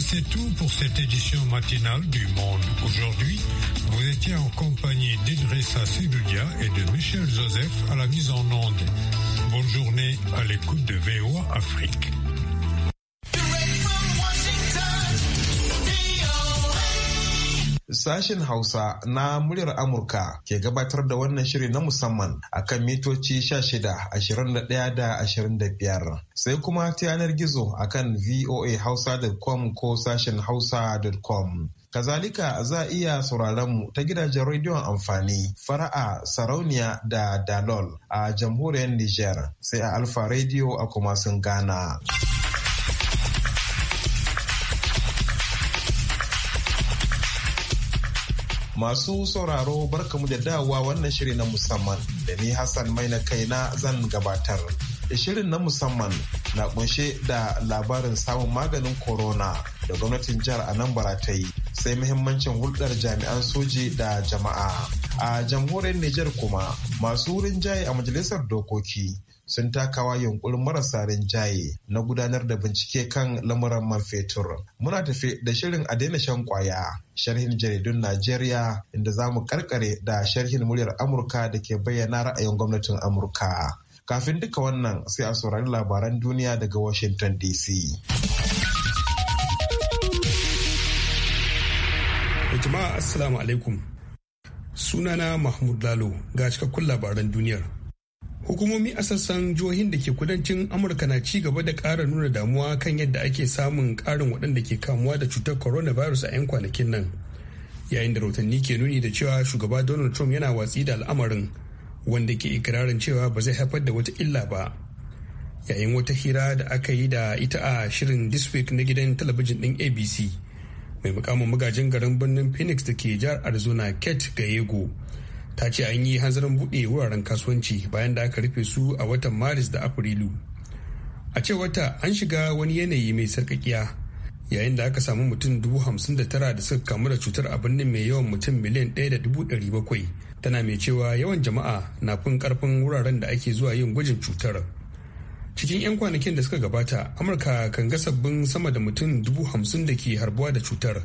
c'est tout pour cette édition matinale du Monde. Aujourd'hui, vous étiez en compagnie d'Idrissa Sidudia et de Michel Joseph à la mise en onde. Bonne journée à l'écoute de VOA Afrique. sashen Hausa na muryar Amurka ke gabatar da wannan shiri na musamman a kan mitoci 16, 21 da 25. Sai kuma ta yanar gizo kan voahausa.com ko sashen hausa.com. Kazalika za a iya sauraron mu ta gidajen rediyon amfani fara'a sarauniya da dalol a jamhuriyar Nijar sai a alfa Radio a kuma sun gana Masu sauraro barka mu da dawowa wannan shiri na musamman da ni Hassan mai na kaina zan gabatar. Shirin na musamman na kunshe da labarin samun maganin corona da gwamnatin jihar a nan yi sai muhimmancin hulɗar jami'an soji da jama'a. a jamhuriyar Nijar kuma masu wurin rinjaye a majalisar dokoki sun takawa yunkurin marasa rinjaye na gudanar da bincike kan lamuran man fetur. Muna tafi da shirin a daina shan kwaya, sharhin jaridun Najeriya inda za mu karkare da sharhin muryar Amurka da ke bayyana ra'ayin gwamnatin Amurka. Kafin duka wannan sai a saurari labaran duniya daga Washington DC. Jama'a Assalamu alaikum. Sunana Mahmud Lalo ga cikakkun labaran duniyar. Hukumomi a sassan jihohin da ke kudancin Amurka na ci gaba da ƙara nuna damuwa kan yadda ake samun ƙarin waɗanda ke kamuwa da cutar coronavirus a 'yan kwanakin nan. Yayin da rahotanni ke nuni da cewa shugaba Donald Trump yana watsi da al'amarin wanda ke ikirarin cewa ba zai haifar da wata illa ba. Yayin wata hira da aka yi da ita a shirin This Week na gidan talabijin ɗin ABC. mai mukamin magajin garin birnin phoenix da ke jihar arizona kate gayego ta ce an yi hanzarin buɗe wuraren kasuwanci bayan da aka rufe su a watan maris da afrilu a ce wata an shiga wani yanayi mai sarkakiya yayin da aka samu mutum dubu hamsin da tara da suka kamu da cutar a birnin mai yawan mutum miliyan ɗaya da dubu ɗari bakwai tana mai cewa yawan jama'a na fin karfin wuraren da ake zuwa yin gwajin cutar cikin 'yan kwanakin da suka gabata amurka kan ga sabbin sama da mutum dubu hamsin da ke harbuwa da cutar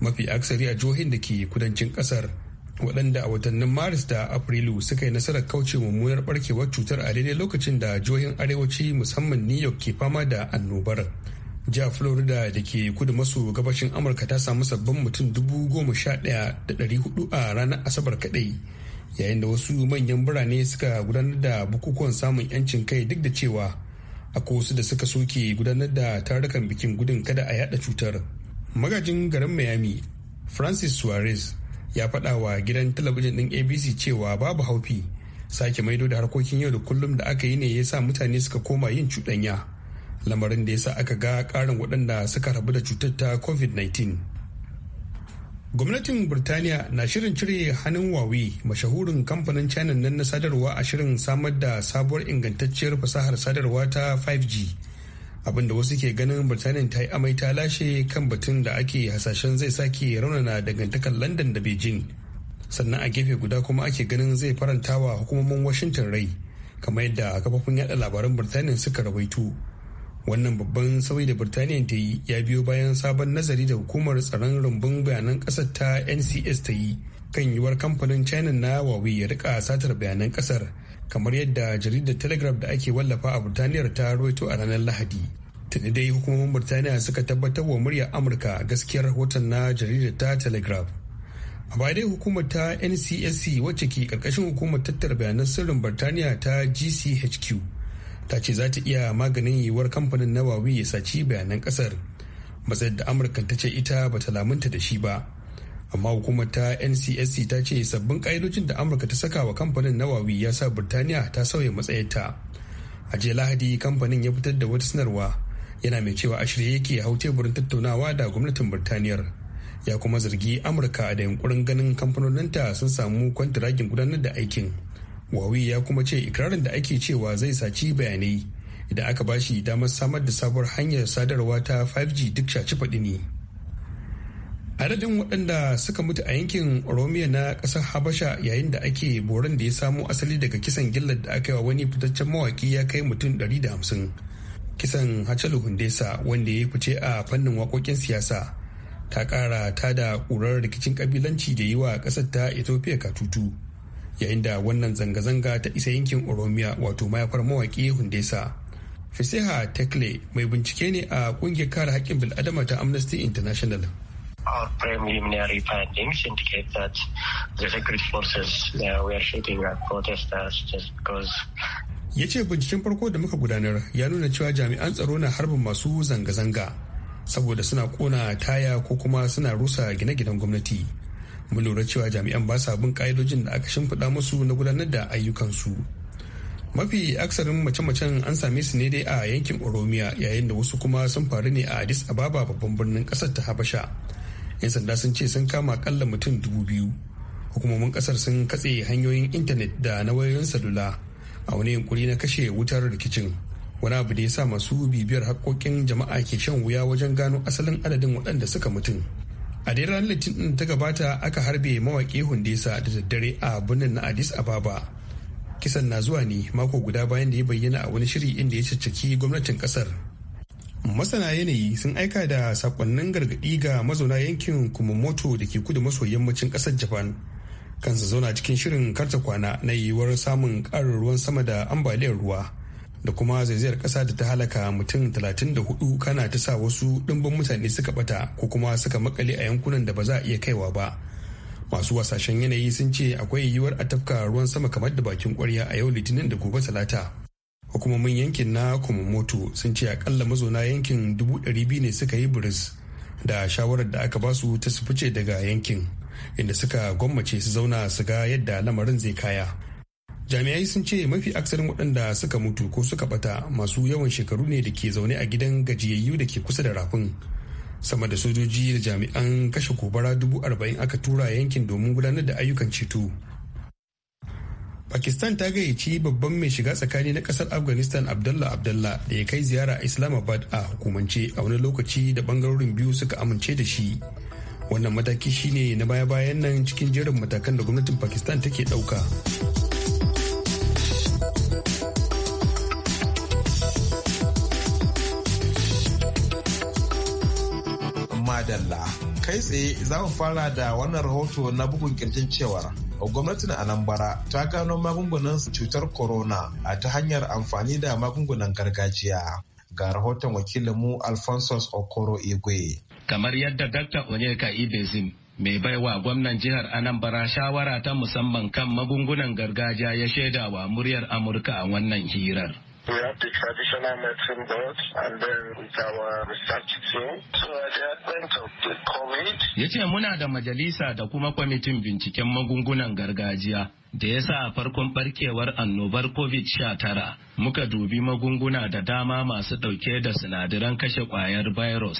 mafi aksari a jihohin da ke kudancin kasar waɗanda a watannin maris da afrilu suka yi nasarar kauce mummunar barkewar cutar a daidai lokacin da jihohin arewaci musamman new york ke fama da annobar jihar florida da ke kudu maso gabashin amurka ta samu sabbin mutum dubu goma sha ɗaya da ɗari hudu a ranar asabar kaɗai yayin da wasu manyan birane suka gudanar da bukukuwan samun 'yancin kai duk da cewa akwai wasu da suka soke gudanar da tarukan bikin gudun kada a yada cutar magajin garin miami francis suarez ya faɗawa wa gidan talabijin ɗin abc cewa babu haufi sake maido da harkokin yau da kullum da aka yi ne ya sa mutane suka koma yin cuɗanya lamarin da ya sa aka ga ƙarin waɗanda suka rabu da cutar ta covid-19 gwamnatin birtaniya na shirin cire hannun wawi mashahurin kamfanin china nan na sadarwa a shirin samar da sabuwar ingantacciyar fasahar sadarwa ta 5g abinda wasu ke ganin birtaniya ta yi amai ta lashe kan batun da ake hasashen zai sake raunana dangantakar london da beijing sannan a gefe guda kuma ake ganin zai faranta wa hukumomin washington rai kamar yadda kafafun yada labaran birtaniya suka rawaito wannan babban sauyi da birtaniya ta yi ya biyo bayan sabon nazari da hukumar tsaron rumbun bayanan ƙasar ta ncs ta yi kan yiwuwar kamfanin china na huawei ya rika satar bayanan kasar. kamar yadda jaridar telegraph da ake wallafa a birtaniyar ta roito a ranar lahadi tuni dai hukumomin birtaniya suka tabbatar wa muryar amurka gaskiyar rahoton na jaridar ta telegraph a baya dai hukumar ta ncsc wacce ke karkashin hukumar tattara bayanan sirrin birtaniya ta gchq ta ce za ta iya maganin yiwuwar kamfanin na wawi ya saci bayanan kasar matsayar da amurka ta ce ita ba ta lamunta da shi ba amma hukumar ta ncsc ta ce sabbin ƙa'idojin da amurka ta saka wa kamfanin na wawi ya sa birtaniya ta sauya matsayarta a jiya lahadi kamfanin ya fitar da wata sanarwa yana mai cewa a shirye yake hau teburin tattaunawa da gwamnatin birtaniyar ya kuma zargi amurka da yunkurin ganin kamfanoninta sun samu kwantiragin gudanar da aikin wawi ya kuma ce ikirarin da ake cewa zai saci bayanai idan aka ba shi damar samar da sabuwar hanyar sadarwa ta 5g duk shaci faɗi ne adadin waɗanda suka mutu a yankin oromiya na ƙasar habasha yayin da ake boron da ya samo asali daga kisan gillar da aka yi wa wani fitaccen mawaki ya kai mutum 150 kisan hachalu hundesa wanda ya fice a fannin waƙoƙin siyasa ta ƙara ta da ƙurar rikicin ƙabilanci da yi wa ƙasar ta ethiopia katutu yayin da wannan zanga-zanga ta isa yankin oromiya wato mayafar mawaki hundesa fisiha tekle mai bincike ne a kungiyar kare haƙƙin bil'adama ta amnesty international Our preliminary findings indicate that the secret forces uh, were shooting at protesters just because ya ce binciken farko da muka gudanar ya nuna cewa jami'an tsaro na harbin masu zanga-zanga saboda suna kona taya ko kuma suna rusa gine-ginen gwamnati mun lura cewa jami'an ba sa bin ka'idojin da aka shimfiɗa musu na gudanar da ayyukansu mafi aksarin mace-macen an same su ne dai a yankin oromiya yayin da wasu kuma sun faru ne a addis ababa babban birnin ƙasar ta habasha 'yan sanda sun ce sun kama akalla mutum dubu biyu hukumomin ƙasar sun katse hanyoyin intanet da na wayoyin salula a wani yunkuri na kashe wutar rikicin wani abu da ya sa masu bibiyar haƙoƙin jama'a ke shan wuya wajen gano asalin adadin waɗanda suka mutum a dai ranar litinin ta gabata aka harbe mawaƙi hundesa da daddare a birnin na addis ababa kisan na zuwa ne mako guda bayan da ya bayyana a wani shiri inda ya cicciki gwamnatin kasar masana yanayi sun aika da sakonnin gargaɗi ga mazauna yankin kumamoto da ke kudu maso yammacin kasar japan kansa zauna cikin shirin karta kwana na yiwuwar samun karin ruwan sama da ambaliyar ruwa da kuma zaizayar ƙasa da ta halaka mutum 34 kana ta sa wasu ɗimbin mutane suka bata ko kuma suka makale a yankunan da ba za a iya kaiwa ba masu wasashen yanayi sun ce akwai yiwuwar a tafka ruwan sama kamar da bakin kwarya a yau litinin da gobe talata hukumomin yankin na kumamoto sun ce akalla mazauna yankin dubu biyu ne suka yi buris da shawarar da aka basu ta su fice daga yankin inda suka gwammace su zauna su ga yadda lamarin zai kaya jami'ai sun ce mafi aksarin waɗanda suka mutu ko suka bata masu yawan shekaru ne da ke zaune a gidan gajiyayyu da ke kusa da rafin sama da sojoji da jami'an kashe gobara dubu arba'in aka tura yankin domin gudanar da ayyukan ceto pakistan ta gayyaci babban mai shiga tsakani na kasar afghanistan abdullah abdullah da ya kai ziyara a islamabad a hukumance a wani lokaci da bangarorin biyu suka amince da shi wannan mataki shine na baya-bayan nan cikin jerin matakan da gwamnatin pakistan take ɗauka. madalla kai tsaye za mu fara da wannan rahoto na bugun kirjin cewar gwamnatin anambra ta gano magungunan cutar corona a ta hanyar amfani da magungunan gargajiya ga rahoton wakilinmu alphonsus okoro igwe kamar yadda dr onyeka ibezim mai baiwa gwamnan jihar anambra shawara ta musamman kan magungunan gargajiya ya shaidawa muryar amurka a wannan hirar We have the traditional medicine board and then with our research team. So at the advent of the COVID. Ya muna da majalisa da kuma kwamitin binciken magungunan gargajiya. Da ya sa a farkon barkewar annobar COVID-19 muka dubi magunguna da dama masu ɗauke da sinadaran kashe kwayar virus.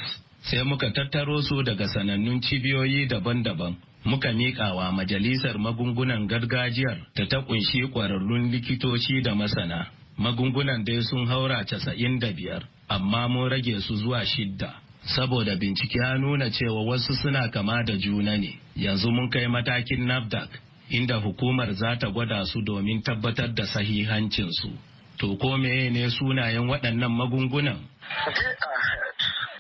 Sai muka tattaro su daga sanannun cibiyoyi daban-daban. muka miƙawa majalisar magungunan gargajiyar da ta kunshi ƙwararrun likitoci da masana. magungunan dai sun haura casa'in da biyar amma mun rage su zuwa shidda saboda bincike ya nuna cewa wasu suna kama da juna ne yanzu mun kai matakin nafdac inda hukumar za ta gwada su domin tabbatar da sahihancinsu to ko meye ne sunayen waɗannan magungunan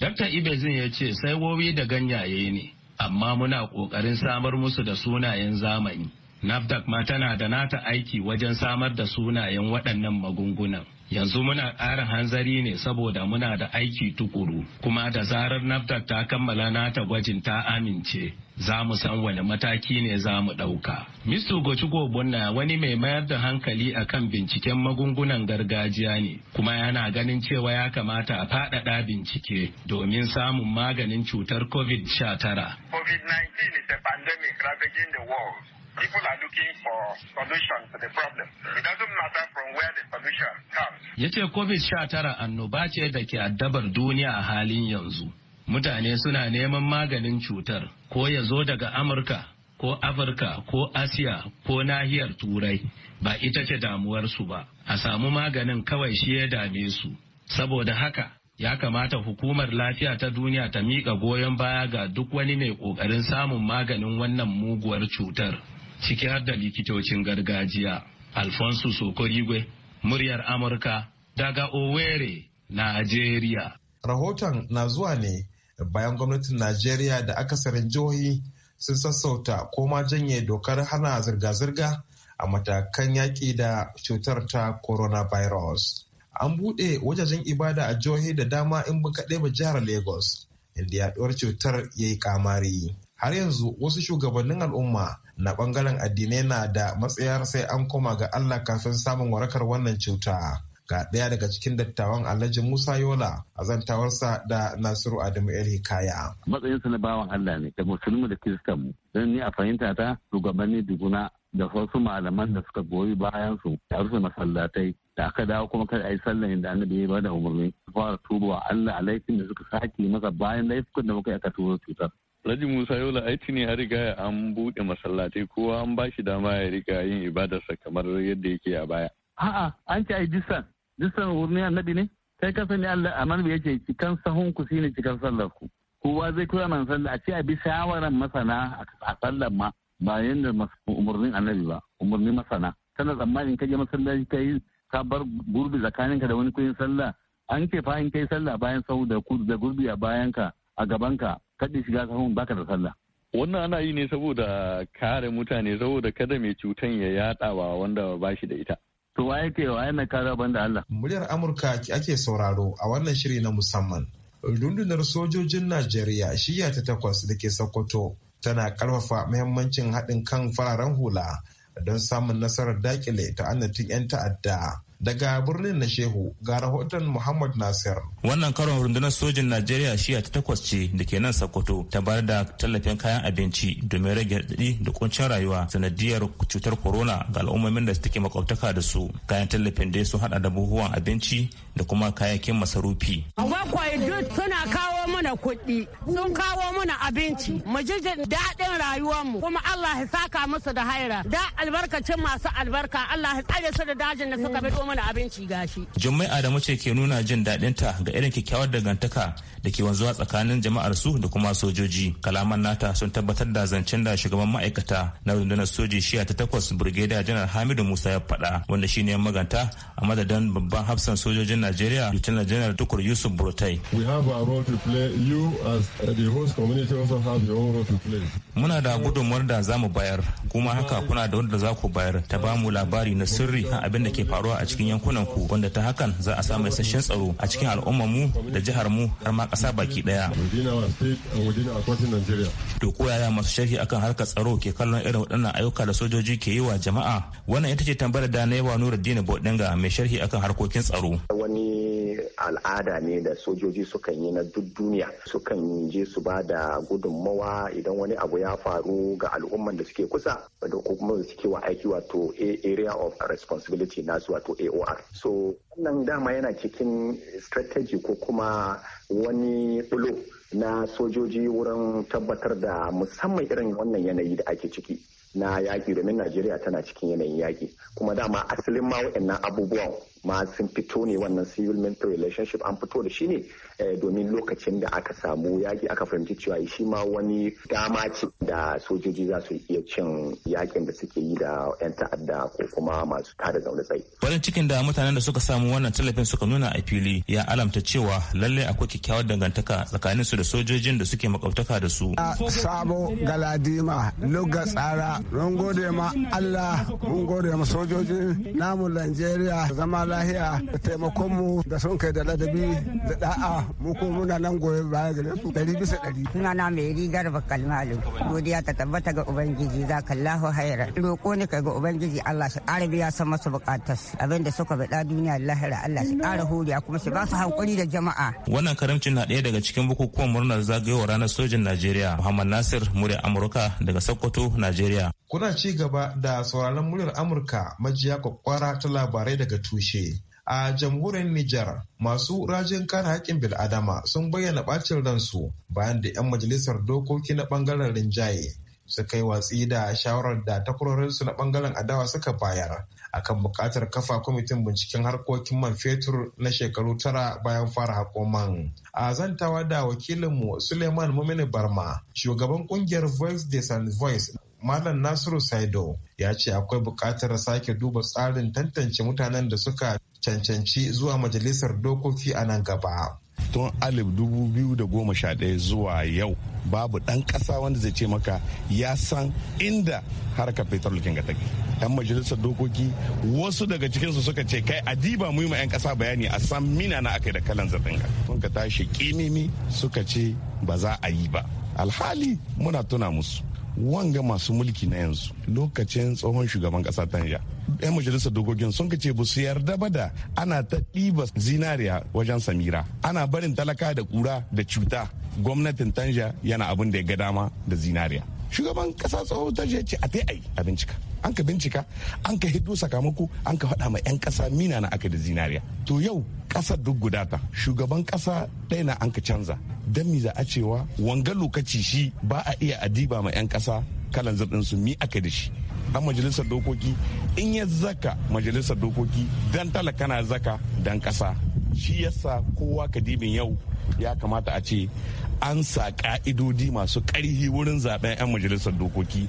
Dr. Ibezin ya ce saiwowi da ganyaye ne amma muna ƙoƙarin samar musu da sunayen zamani NAFDAC ma tana da nata aiki wajen samar da sunayen waɗannan magungunan. Yanzu muna ƙara hanzari ne saboda muna da aiki tukuru, kuma da zarar NAFDAC ta kammala nata gwajin ta amince. Za mu san wani mataki ne za mu ɗauka. Mr. Gochigo Bunna wani mai mayar da hankali a kan binciken magungunan gargajiya ne, kuma yana ganin cewa ya kamata a faɗaɗa bincike domin samun maganin cutar COVID-19. COVID-19 is a pandemic ravaging the world. People are looking for solutions to the problem. It doesn't matter from where the solution comes. Ya ce COVID-19 annoba ce da ke addabar duniya a halin yanzu. Mutane suna neman maganin cutar ko ya zo daga Amurka ko Afirka ko Asiya ko nahiyar Turai ba ita ce damuwarsu ba. A samu maganin kawai shi ya dame su. Saboda haka ya kamata hukumar lafiya ta duniya ta miƙa goyon baya ga duk wani mai ƙoƙarin samun maganin wannan muguwar cutar. ciki har da likitocin gargajiya. Alfonso Sokorigwe, muryar Amurka daga Owerri, Najeriya. Rahoton na zuwa ne bayan gwamnatin Najeriya da akasarin jihohi sun sassauta ko ma janye dokar hana zirga-zirga a matakan yaƙi da cutar ta coronavirus. An buɗe wajajen ibada a jihohi da dama in buka kaɗai ba jihar Lagos, inda yaɗuwar cutar ya yi kamari. har yanzu wasu shugabannin al'umma na bangaren addinai na da matsayar sai an koma ga Allah kafin samun warakar wannan cuta. Ga ɗaya daga cikin dattawan Alhaji Musa Yola a zantawarsa da Nasiru Adamu El Hikaya. Matsayinsa na bawan Allah ne da musulmi da kiristanmu. Don ni a fahimta ta shugabanni duguna da wasu malaman da suka goyi bayan su da rufe masallatai da aka dawo kuma kada a yi sallan inda annabi ya bada umarni fara tuba Allah a laifin da suka sake masa bayan laifukan da muka aka tura cutar Alhaji Musa Yola aiti ne ya riga an buɗe masallatai kowa an ba shi dama ya riga yin ibadarsa kamar yadda yake a baya. A'a an ce ai dissan dissan wurin annabi ne sai ka sani Allah annabi yake cikan sahun ku shine cikan sallar ku. Kowa zai koya nan sallar a ce a bi shawaran masana a sallar ma ba yadda umarnin annabi ba umarnin masana. Kana tsammanin ka je masallaci ka yi ka bar gurbi tsakaninka da wani kuyin sallah an ce fa in kai sallah bayan sau da gurbi a bayanka a gabanka kaɗe shiga sahun baka da sallah wannan ana yi ne saboda kare mutane saboda kada mai cutan ya yaɗa wa wanda ba shi da ita to waye ke waye na kara banda Allah muryar Amurka ake sauraro a wannan shiri na musamman rundunar sojojin Najeriya shiya ta takwas da ke Sokoto tana karfafa muhimmancin haɗin kan fararen hula don samun nasarar dakile annatin 'yan ta'adda Daga birnin na Shehu ga rahoton Muhammad Nasir. Wannan karon rundunar sojin Najeriya shiya ta takwas ce da ke nan Sokoto ta bayar da tallafin kayan abinci domin rage daɗi da kuncin rayuwa sanadiyar cutar corona ga al'ummomin da suke makwabtaka da su. Kayan tallafin dai sun hada da buhuwan abinci da kuma kayakin masarufi. Bakwai duk suna kawo mana kuɗi, sun kawo mana abinci, mu ji daɗin rayuwarmu, kuma Allah ya saka musu da haira. Da albarkacin masu albarka, Allah ya tsare su da dajin da suka bi mana abinci gashi. Jummai Adamu ce ke nuna jin daɗinta ga irin kyakkyawar dangantaka da ke wanzuwa tsakanin jama'ar su da kuma sojoji. Kalaman nata sun tabbatar da zancen da shugaban ma'aikata na rundunar soji shiya ta takwas Brigadier Janar Hamidu Musa ya faɗa wanda shi ne maganta a madadin babban hafsan sojojin Najeriya Lieutenant General Tukur Yusuf Burtai. We have a role to play. You as the host community also have your own role to play. Muna da gudunmuwar da za bayar kuma haka kuna da wanda za ku bayar ta ba mu labari na sirri kan abin da ke faruwa a cikin yankunan ku wanda ta hakan za a samu isasshen tsaro a cikin al'ummar mu da jihar mu har ma kasa baki ɗaya. To ko yaya masu sharhi akan harkar tsaro ke kallon irin waɗannan ayyuka da sojoji ke yi wa jama'a? Wannan ita ce tambayar da na yi wa Nuruddin Bodinga mai sharhi akan harkokin tsaro. Wani al'ada ne da sojoji sukan yi na duk duniya sukan je su ba da gudunmawa idan wani abu ya faru ga al'umman da suke kusa da kuma suke wa aiki wato area of responsibility nasu wato AOR. So wannan dama yana cikin strategy ko kuma wani bulo na sojoji wurin tabbatar da musamman irin wannan yanayi da ake ciki na yaƙi domin Najeriya tana cikin yanayin yaƙi kuma dama asalin ma waɗannan abubuwan ma sun fito ne wannan civil military relationship an fito da shi ne Eh, domin lokacin da aka samu yaƙi aka fahimci cewa shi ma wani dama ce da sojoji za su iya cin yakin da suke yi da 'yan ta'adda ko kuma masu tada zaune tsaye. Farin cikin da mutanen da suka samu wannan tallafin suka nuna a fili ya alamta cewa lallai akwai kyakkyawar dangantaka tsakanin su da sojojin da suke makwabtaka da su. Sabo Galadima Luga Tsara mun gode ma Allah mun gode ma sojojin namu Najeriya zama lahiya da taimakon mu da sun kai da ladabi da da'a mu ko muna nan goyon baya gare su ɗari bisa ɗari. Suna na mai rigar bakal Godiya ta tabbata ga Ubangiji za ka lahu haira. roko ne kai ga Ubangiji Allah shi ƙara biya san masu buƙatas. Abinda suka bada duniya lahira Allah shi ƙara huriya kuma shi ba su hankuri da jama'a. Wannan karamcin na ɗaya daga cikin bukukuwan murnar zagayowar ranar sojin Najeriya. Muhammad Nasir murya Amurka daga Sokoto, Najeriya. Kuna ci gaba da sauraron muryar Amurka majiya kwakwara ta labarai daga tushe. a jamhuriyar Nijar masu rajin kare haƙƙin bil'adama sun bayyana ɓacin ransu bayan da 'yan majalisar dokoki na ɓangaren rinjaye suka yi watsi da shawarar da takwarorinsu na ɓangaren adawa suka bayar akan buƙatar kafa kwamitin binciken harkokin man fetur na shekaru tara bayan fara hakoman. A zantawa da wakilinmu Suleiman Mumini Barma, shugaban ƙungiyar Voice de San Voice Malam Nasiru Saido ya ce akwai buƙatar sake duba tsarin tantance mutanen da suka cancanci zuwa majalisar dokoki a nan gaba. tun alif dubu biyu da goma sha ɗaya zuwa yau babu ɗan ƙasa wanda zai ce maka ya san inda harkar fetur lukin ga take yan majalisar dokoki wasu daga cikinsu suka ce kai adiba mu yi ma 'yan ƙasa bayani a san mina na aka da kalan zaɓen ga Tun ka tashi ƙimimi suka ce ba za a yi ba alhali muna tuna musu wanga masu mulki na yanzu lokacin tsohon shugaban kasa tanja yan majalisar dokokin sun ce ba su yarda ba da ana ta ɗiba zinariya wajen samira ana barin talaka da kura da cuta gwamnatin tanja yana abin da ya ga dama da zinariya shugaban kasa tsohon tashi ce a tai ai a bincika an ka bincika an ka hiddo sakamako an ka faɗa ma 'yan ƙasa mina na aka da zinariya to yau ƙasar duk gudata shugaban kasa ɗaya na an ka canza don mi za a cewa wanga lokaci shi ba a iya adiba ma 'yan ƙasa kalan zarɗin su mi aka da shi dan majalisar dokoki in ya zaka majalisar dokoki dan talaka na zaka dan ƙasa shi yasa kowa kadibin yau ya kamata a ce an sa ka'idodi masu ƙarhi wurin zaben 'yan majalisar dokoki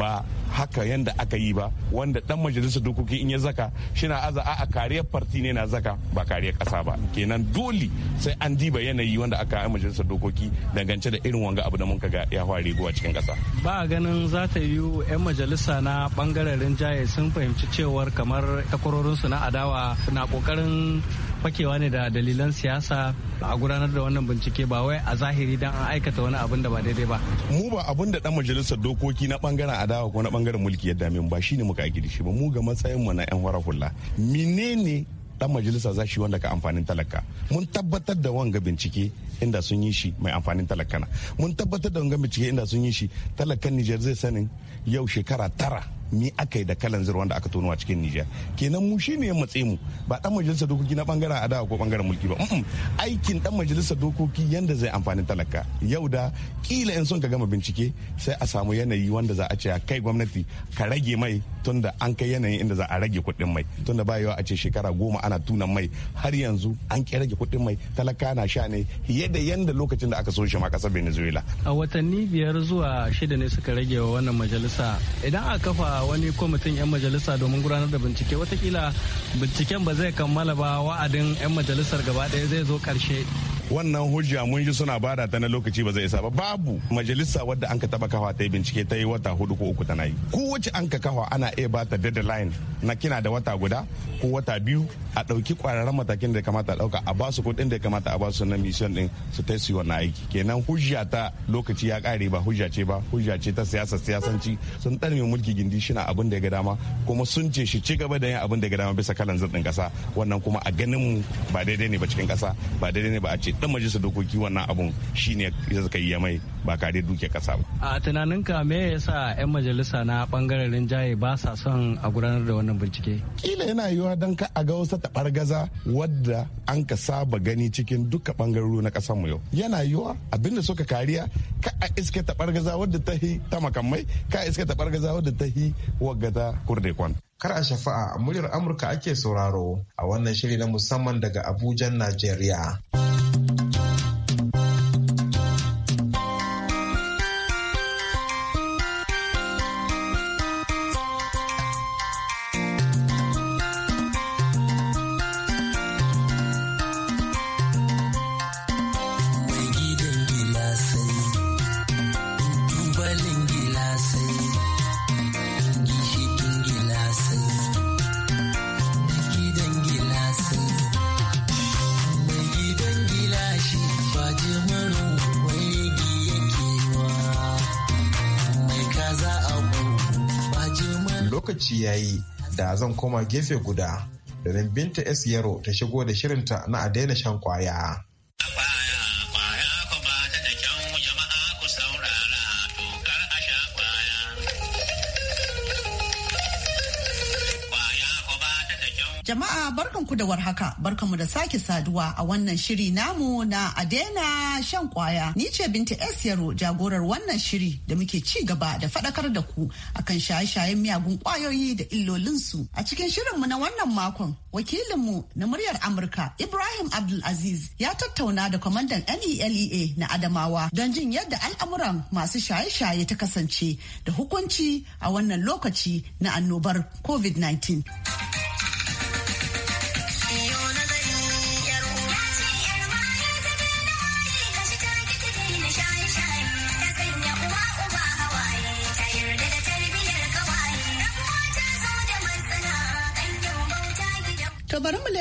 ba haka yadda aka yi ba wanda dan majalisar dokoki in ya zaka shina aza a kariyar farti ne na zaka ba kariyar kasa ba kenan dole sai an diba yanayi wanda aka yi majalisar dokoki dangance da irin wanga abu da mun ga ya fare a cikin kasa ba ganin za ta yi yan majalisa na bangaren rinjaye sun fahimci cewar kamar takwarorinsu na adawa na kokarin fakewa ne da dalilan siyasa a gudanar da wannan bincike ba wai a zahiri dan an aikata wani abin da ba daidai ba mu ba abin da dan majalisar dokoki na bangaren adawa ko na bangaren mulki ya dame mu ba shine muka aiki shi ba mu ga matsayin mu na yan wara hula menene dan majalisa za shi wanda ka amfanin talaka mun tabbatar da wanga bincike inda sun yi shi mai amfanin talaka na mun tabbatar da wanga bincike inda sun yi shi talakan Nijar zai sanin yau shekara tara me aka yi da kalanzir wanda aka tono a cikin Nijar kenan mu shine ya matse mu ba dan majalisar dokoki na bangaren adawa ko bangaren mulki ba aikin dan majalisar dokoki yanda zai amfani talaka yau da kila in sun ka gama bincike sai a samu yanayi wanda za a ce kai gwamnati ka rage mai tunda an kai yanayin inda za a rage kuɗin mai tunda ba yawa a ce shekara goma ana tuna mai har yanzu an ki rage kuɗin mai talaka na sha ne fiye da yadda lokacin da aka so shi ma kasar Venezuela a watanni biyar zuwa shida ne suka rage wa wannan majalisa idan aka kafa wani kwamitin 'yan majalisa domin gudanar da bincike watakila binciken ba zai kammala ba wa'adin 'yan majalisar gaba ɗaya zai zo karshe. wannan hujja mun ji suna bada ta na lokaci ba zai isa ba babu majalisa wadda an ka taba kafa ta yi bincike ta yi wata hudu ko uku tana yi kowace an ka kafa ana iya ba ta deadline na kina da wata guda ko wata biyu a ɗauki kwararren matakin da kamata a ɗauka a ba su kuɗin da kamata a ba su na mission din su ta su wannan aiki kenan hujja ta lokaci ya kare ba hujja ce ba hujja ce ta siyasa siyasanci sun ɗarme mulki gindi shi na abin da ya ga dama kuma sun ce shi ci gaba da yin abin da ya ga dama bisa kalan zaɗin ƙasa wannan kuma a ganin mu ba daidai ne ba cikin kasa ba daidai ne ba a ce dan majalisar dokoki wannan abun shine ya zaka yi ya mai ba kare duke kasa ba. A tunaninka me yasa 'yan majalisa na bangaren rinjaye ba sa son a gudanar da wannan bincike? Kila yana yiwuwa don ka a ga wasu tabar gaza wadda an ka saba gani cikin duka bangarori na kasan mu yau. Yana yiwuwa abinda suka kariya ka a iske tabar gaza wadda ta hi ta makamai ka a iske tabar gaza wadda ta hi wagata kurde kwan. Kar a shafa'a muryar Amurka ake sauraro a wannan shiri na musamman daga Abuja, Najeriya. lokaci ya yi da zan koma gefe guda domin binta s yaro ta shigo da shirinta na a daina shan kwaya ku da warhaka mu da sake saduwa a wannan shiri namu na adena shan kwaya ni ce binta s yaro jagorar wannan shiri da muke ci gaba da fadakar da ku akan shaye-shayen miyagun kwayoyi da illolinsu a cikin shirinmu na wannan makon wakilinmu na muryar amurka ibrahim abdulaziz ya tattauna da kwamandan nelea na adamawa don jin yadda al'amuran masu shaye-shaye ta kasance da hukunci a wannan lokaci na annobar covid-19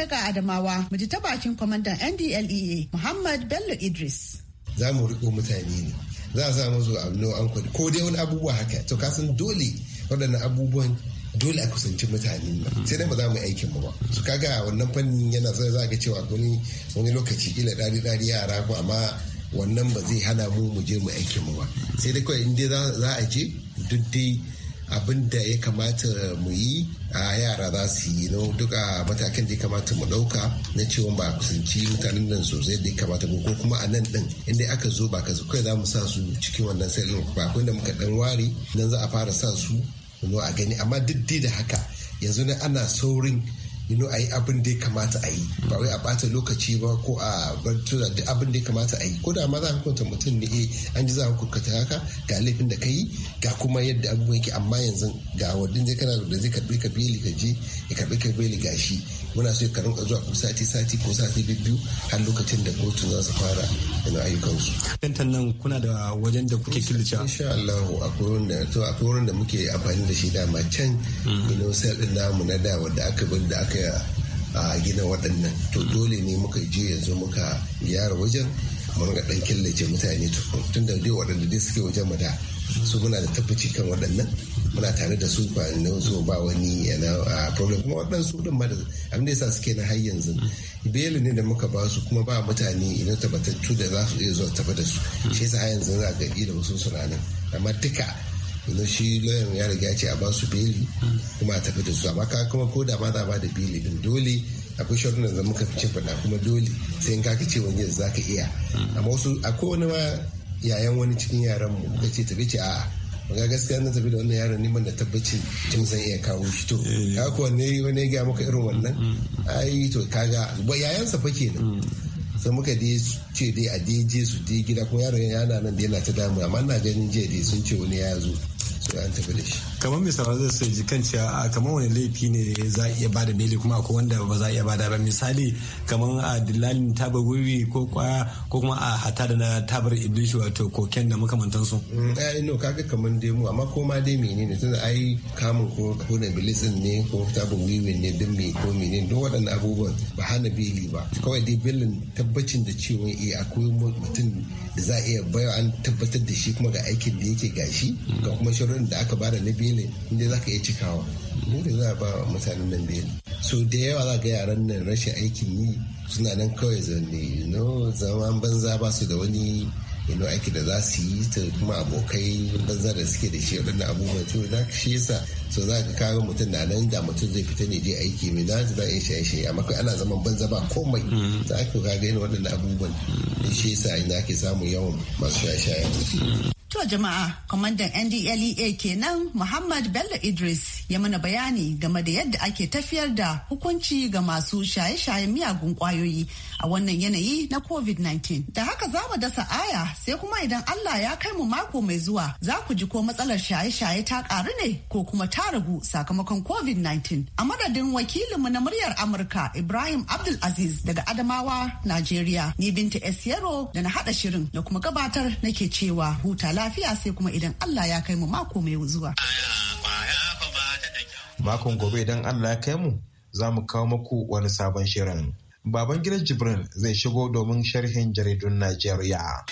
ga Adamawa miji ta bakin kwamandan NDLEA Muhammad Bello Idris. Za mu riko mutane ne. Za a samu zuwa abu an kwadi ko dai wani abubuwa haka to kasan dole waɗannan abubuwan dole a kusanci mutane sai dai ba za mu yi aikin ba su kaga wannan fannin yana sai za ga cewa wani wani lokaci kila dari dari yara ko amma wannan ba zai hana mu mu je mu aikin mu ba sai dai kawai in dai za a je duk dai abin da ya kamata mu yi a yara za su yi no duk a matakin da ya kamata mu ɗauka na cewa ba kusanci mutanen nan sosai da ya kamata mu ko kuma a nan ɗin inda aka zo ba ka kai za mu sa su cikin wannan sai ba kun da muka ɗan ware nan za a fara sa su a gani amma duk da haka yanzu ne ana saurin yi a yi abin da ya kamata a yi ba wai a bata lokaci ba ko a bar tura da abin da ya kamata a yi ko da ma za a hukunta mutum ne eh an ji za a hukunta haka ga laifin da ka yi ga kuma yadda abubuwan yake amma yanzu ga wadin zai kana da zai karbi ka beli ka je ya karbi ka beli ga shi muna so ka zuwa sati sati ko sati biyu har lokacin da kotu za su fara yana ayyukansu. Kantan nan kuna da wajen da kuke killace. Insha Allah akwai wanda to akwai wurin da muke amfani da shi dama can. Ino mm. sel din namu na da wanda aka bin da aka aka gina waɗannan to dole ne muka je yanzu muka gyara wajen mun ga ɗan killace mutane tukun tun da dai waɗanda dai suke wajen mu da su muna da tabbaci kan waɗannan muna tare da su ba ne zo ba wani yana problem kuma waɗansu ɗin ma da abin da yasa suke na har yanzu bayanin ne da muka ba su kuma ba mutane idan tabbatattu da za su iya zuwa tafi da su shi yasa har yanzu za ga da wasu suna nan amma duka domin shi lauyan ya riga ce a ba su beli kuma a tafi da su amma ka kuma ko da ma za ba da beli din dole akwai shirin da muka fice fada kuma dole sai in kaka ce wani za ka iya amma wasu a kowane ma yayan wani cikin yaran mu kuka ce tafi ce a ga gaskiya na tafi da wannan yaron neman da tabbaci tun zan iya kawo shi to eh. ka kuwa ne wani ya maka irin wannan mm. ai to kaga yayansa fa kenan mm. sai muka dai ce dai a dai je su dai gida kuma yaron yana nan da yana ta damu amma na ganin jiya dai sun ce wani ya zo sai an tafi da shi kamar mai su ji kan cewa kamar wani laifi ne za a iya bada beli kuma akwai wanda ba za a iya bada ba misali kamar a dillalin tabar wiwi ko kwaya ko kuma a hata da na tabar iblis wato koken da makamantansu. ɗaya mm, ino eh, kaga kamar dai mu amma ko ma dai menene da ai kamun ko ko na iblis ne ko tabar wiwi ne din me ko menene duk waɗannan abubuwan ba hana beli ba kawai dai belin tabbacin da cewa eh akwai mutum da za a iya baiwa an tabbatar da shi kuma ga aikin da yake gashi ga kuma sharuɗin da aka bada na bele inda za ka iya cikawa inda za a ba mutanen nan bele so da yawa za ga yaran nan rashin aikin yi suna nan kawai zanne no zama banza ba su da wani ino aiki da za su yi ta kuma abokai banza da suke da shi waɗannan abubuwan to da shi yasa so za ka kawo mutum na nan da mutum zai fita ne je aiki mai na za a yi shaye-shaye amma kai ana zaman banza ba komai mm-hmm. za ka ga yin waɗannan abubuwan shi yasa ina ake samun yawan masu shaye-shaye To jama'a, kwamandan NDLEA kenan Muhammad Bello Idris ya mana bayani game da yadda ake tafiyar da hukunci ga masu shaye-shayen miyagun kwayoyi a wannan yanayi na COVID-19. Da haka za mu dasa aya sai kuma idan Allah ya kai mu mako mai zuwa za ku ji ko matsalar shaye-shaye ta ƙaru ne ko kuma ta ragu sakamakon COVID-19. A madadin wakilinmu na muryar Amurka Ibrahim Abdul Aziz daga Adamawa, Najeriya. Ni Binta Esiyaro da na haɗa shirin da kuma gabatar nake cewa huta lafiya sai kuma idan Allah ya kai mu mako mai zuwa. Makon gobe idan Allah ya kai mu za mu kawo muku wani sabon shirin. Baban gidan Jibrin zai shigo domin sharhin jaridun Najeriya.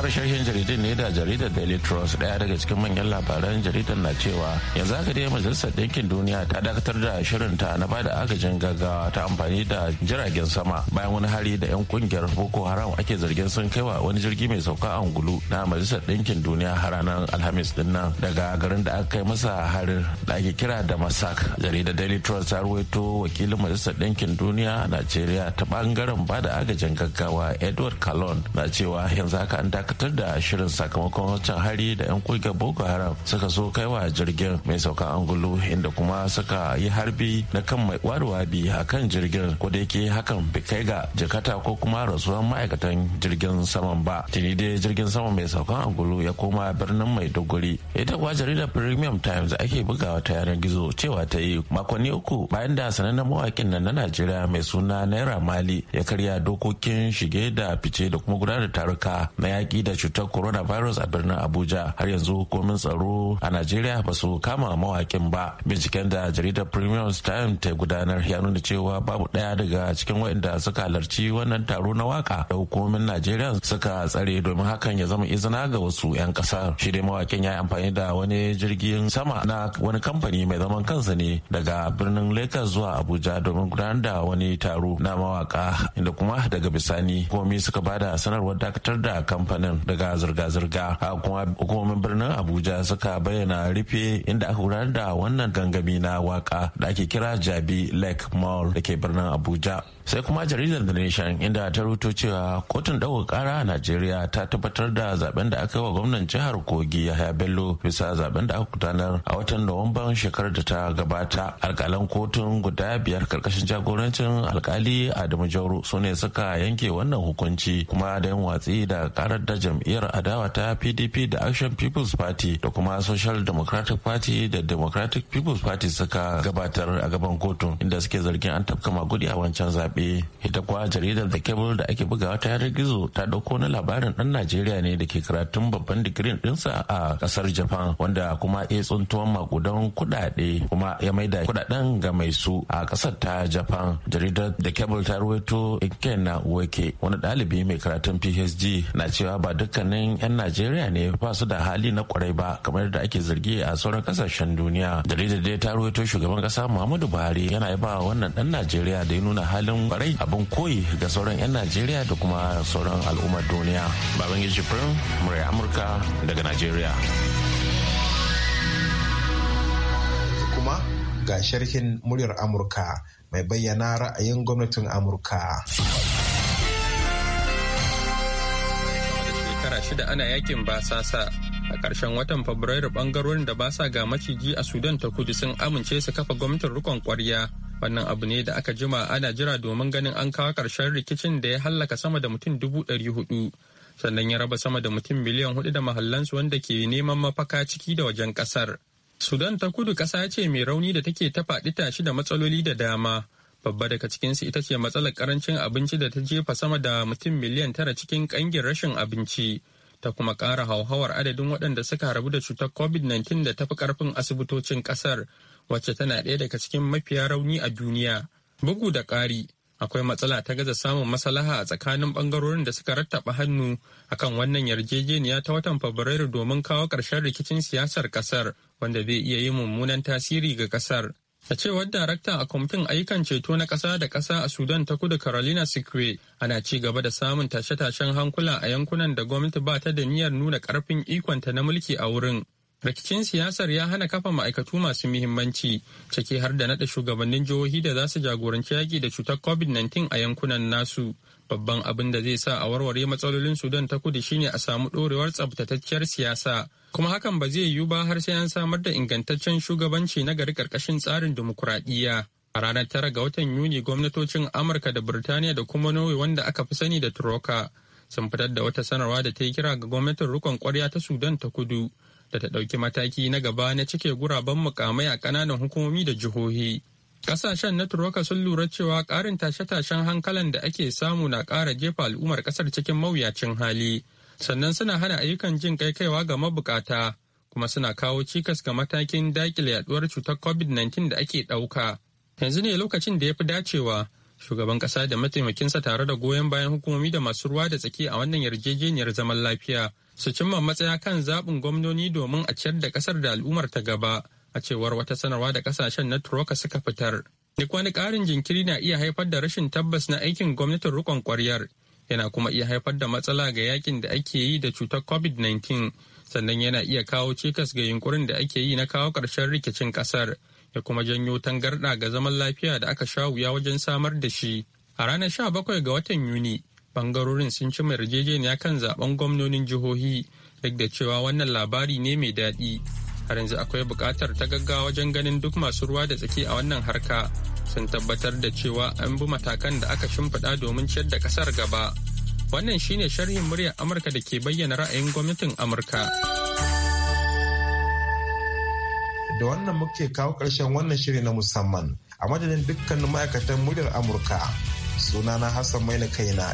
fara sharshen jaridar ne da jaridar daily trust daya daga cikin manyan labaran jaridar na cewa yanzu aka dai majalisar ɗinkin duniya ta dakatar da shirin ta na bada agajin gaggawa ta amfani da jiragen sama bayan wani hari da yan kungiyar boko haram ake zargin sun kaiwa wani jirgi mai sauka angulu na majalisar ɗinkin duniya har ranar alhamis din nan daga garin da aka kai masa harin da ake kira da masak jaridar daily trust ta ruwaito wakilin majalisar ɗinkin duniya a najeriya ta bangaren bada agajin gaggawa edward calon na cewa yanzu haka an dakatar da shirin sakamakon wancan hari da 'yan kungiyar boko haram suka so kai wa jirgin mai saukan angulu inda kuma suka yi harbi na kan mai bi a kan jirgin ko da yake hakan bai kai ga jakata ko kuma rasuwar ma'aikatan jirgin saman ba tuni dai jirgin saman mai saukan angulu ya koma birnin mai dogori ita kuwa jaridar premium times ake bugawa ta yanar gizo cewa ta yi makonni uku bayan da sanannen mawakin nan na najeriya mai suna naira mali ya karya dokokin shige da fice da kuma gudanar taruka na yaki. da cutar coronavirus a birnin abuja har yanzu hukumomin tsaro a najeriya ba su kama mawakin ba binciken da jaridar premium time ta gudanar ya nuna cewa babu ɗaya daga cikin waɗanda suka halarci wannan taro na waka da hukumomin najeriya suka tsare domin hakan ya zama izina ga wasu 'yan ƙasar shi dai mawaƙin ya yi amfani da wani jirgin sama na wani kamfani mai zaman kansa ne daga birnin lagos zuwa abuja domin gudanar da wani taro na mawaka inda kuma daga bisani komi suka bada sanarwar dakatar da kamfanin birnin daga zirga-zirga a hukumomin birnin abuja suka bayyana rufe inda aka gudanar da wannan gangami na waka da ake kira jabi lake mall da ke birnin abuja sai kuma jaridar da nation inda ta ruto cewa kotun ɗaukar ƙara a najeriya ta tabbatar da zaben da aka yi wa gwamnan jihar kogi yahaya bello bisa zaben da aka gudanar a watan nuwamban shekarar da ta gabata alƙalan kotun guda biyar karkashin jagorancin alkali adamu jauro su ne suka yanke wannan hukunci kuma da yin watsi da karar da jam'iyyar adawa ta pdp da action people's party da kuma social democratic party da democratic people's party suka gabatar a gaban kotun inda suke zargin an tafka magudi a wancan zaɓe zaɓe ita kuwa jaridar da kebul da ake bugawa ta yanar gizo ta ɗauko na labarin ɗan najeriya ne da ke karatun babban digirin ɗinsa a ƙasar japan wanda kuma ya tsuntuwan makudan kuɗaɗe kuma ya maida kuɗaɗen ga mai su a ƙasar ta japan jaridar da kebul ta ruwaito ikken na uweke wani ɗalibi mai karatun phd na cewa ba dukkanin 'yan najeriya ne ba su da hali na kwarai ba kamar da ake zargi a sauran ƙasashen duniya jaridar dai ta ruwaito shugaban ƙasa muhammadu buhari yana yaba wannan ɗan najeriya da ya nuna halin kwarai abin koyi ga sauran 'yan najeriya da kuma sauran al'ummar duniya babangiji firin murai amurka daga najeriya kuma ga sharhin muryar amurka mai bayyana ra'ayin gwamnatin amurka shekara shida ana yakin basasa a ƙarshen watan fabrairu ɓangarorin da ba sa ga maciji a sudan ta kudu sun amince su kafa gwamnatin rikon kwarya wannan abu ne da aka jima ana jira domin ganin an kawo karshen rikicin da ya hallaka sama da mutum dubu ɗari hudu sannan ya raba sama da mutum miliyan hudu da mahallansu wanda ke neman mafaka ciki da wajen ƙasar sudan ta kudu ƙasa ce mai rauni da take ta faɗi tashi da matsaloli da dama babba daga cikinsu ita ce matsalar karancin abinci da ta jefa sama da mutum miliyan tara cikin ƙangin rashin abinci ta kuma ƙara hauhawar adadin waɗanda suka rabu da cutar covid-19 da tafi karfin asibitocin ƙasar wacce tana ɗaya daga cikin mafiya rauni a duniya bugu da ƙari akwai matsala ta gaza samun masalaha a tsakanin ɓangarorin da suka rattaba hannu akan wannan yarjejeniya ta watan fabrairu domin kawo ƙarshen rikicin siyasar ƙasar wanda zai iya yi mummunan tasiri ga ƙasar a cewar daraktan a kwamitin ayyukan ceto na ƙasa da ƙasa a sudan ta kudu carolina sikwe ana ci gaba da samun tashe-tashen hankula a yankunan da gwamnati ba ta da niyyar nuna ƙarfin ikonta na mulki a wurin rikicin siyasar ya hana kafa ma'aikatu masu muhimmanci ciki har da naɗa shugabannin jihohi da za su jagoranci yaki da cutar covid-19 a yankunan nasu babban abin da zai sa a warware matsalolin sudan ta kudu shine a samu ɗorewar tsabtatacciyar siyasa kuma hakan ba zai yiwu ba har sai an samar da ingantaccen shugabanci na gari karkashin tsarin dimokuraɗiyya a ranar tara ga watan yuni gwamnatocin amurka da birtaniya da kuma norway wanda aka fi sani da Turoka sun fitar da wata sanarwa da ta yi kira ga gwamnatin rikon kwarya ta sudan ta kudu da ta ɗauki mataki na gaba na cike guraben mukamai a ƙananan hukumomi da jihohi. Ƙasashen na Turwaka sun lura cewa ƙarin tashe-tashen hankalan da ake samu na ƙara jefa al'ummar ƙasar cikin mawuyacin hali, sannan suna hana ayyukan jin kai kaiwa ga mabukata, kuma suna kawo cikas ga matakin daƙile yaduwar cutar COVID-19 da ake ɗauka. Yanzu ne lokacin da ya fi dacewa, shugaban ƙasa da mataimakinsa tare da goyon bayan hukumomi da masu ruwa da tsaki a wannan yarjejeniyar zaman lafiya su cimma matsaya kan zaɓin gwamnoni domin a ciyar da ƙasar da al'ummar ta gaba a cewar wata sanarwa da ƙasashen na Turoka suka fitar. Duk wani ƙarin jinkiri na iya haifar da rashin tabbas na aikin gwamnatin riƙon ƙwaryar yana kuma iya haifar da matsala ga yakin da ake yi da cutar COVID-19 sannan yana iya kawo cikas ga yunkurin da ake yi na kawo ƙarshen rikicin ƙasar ya kuma janyo tangarɗa ga zaman lafiya da aka sha wuya wajen samar da shi. A ranar 17 ga watan Yuni, bangarorin sun ci yarjejeniya kan zaben gwamnonin jihohi duk da cewa wannan labari ne mai daɗi har yanzu akwai buƙatar ta gaggawa wajen ganin duk masu ruwa da tsaki a wannan harka sun tabbatar da cewa an bi matakan da aka shimfiɗa domin ciyar da ƙasar gaba wannan shine sharhin muryar amurka da ke bayyana ra'ayin gwamnatin amurka da wannan muke kawo ƙarshen wannan shiri na musamman a madadin dukkanin ma'aikatan muryar amurka sunana hassan maina kaina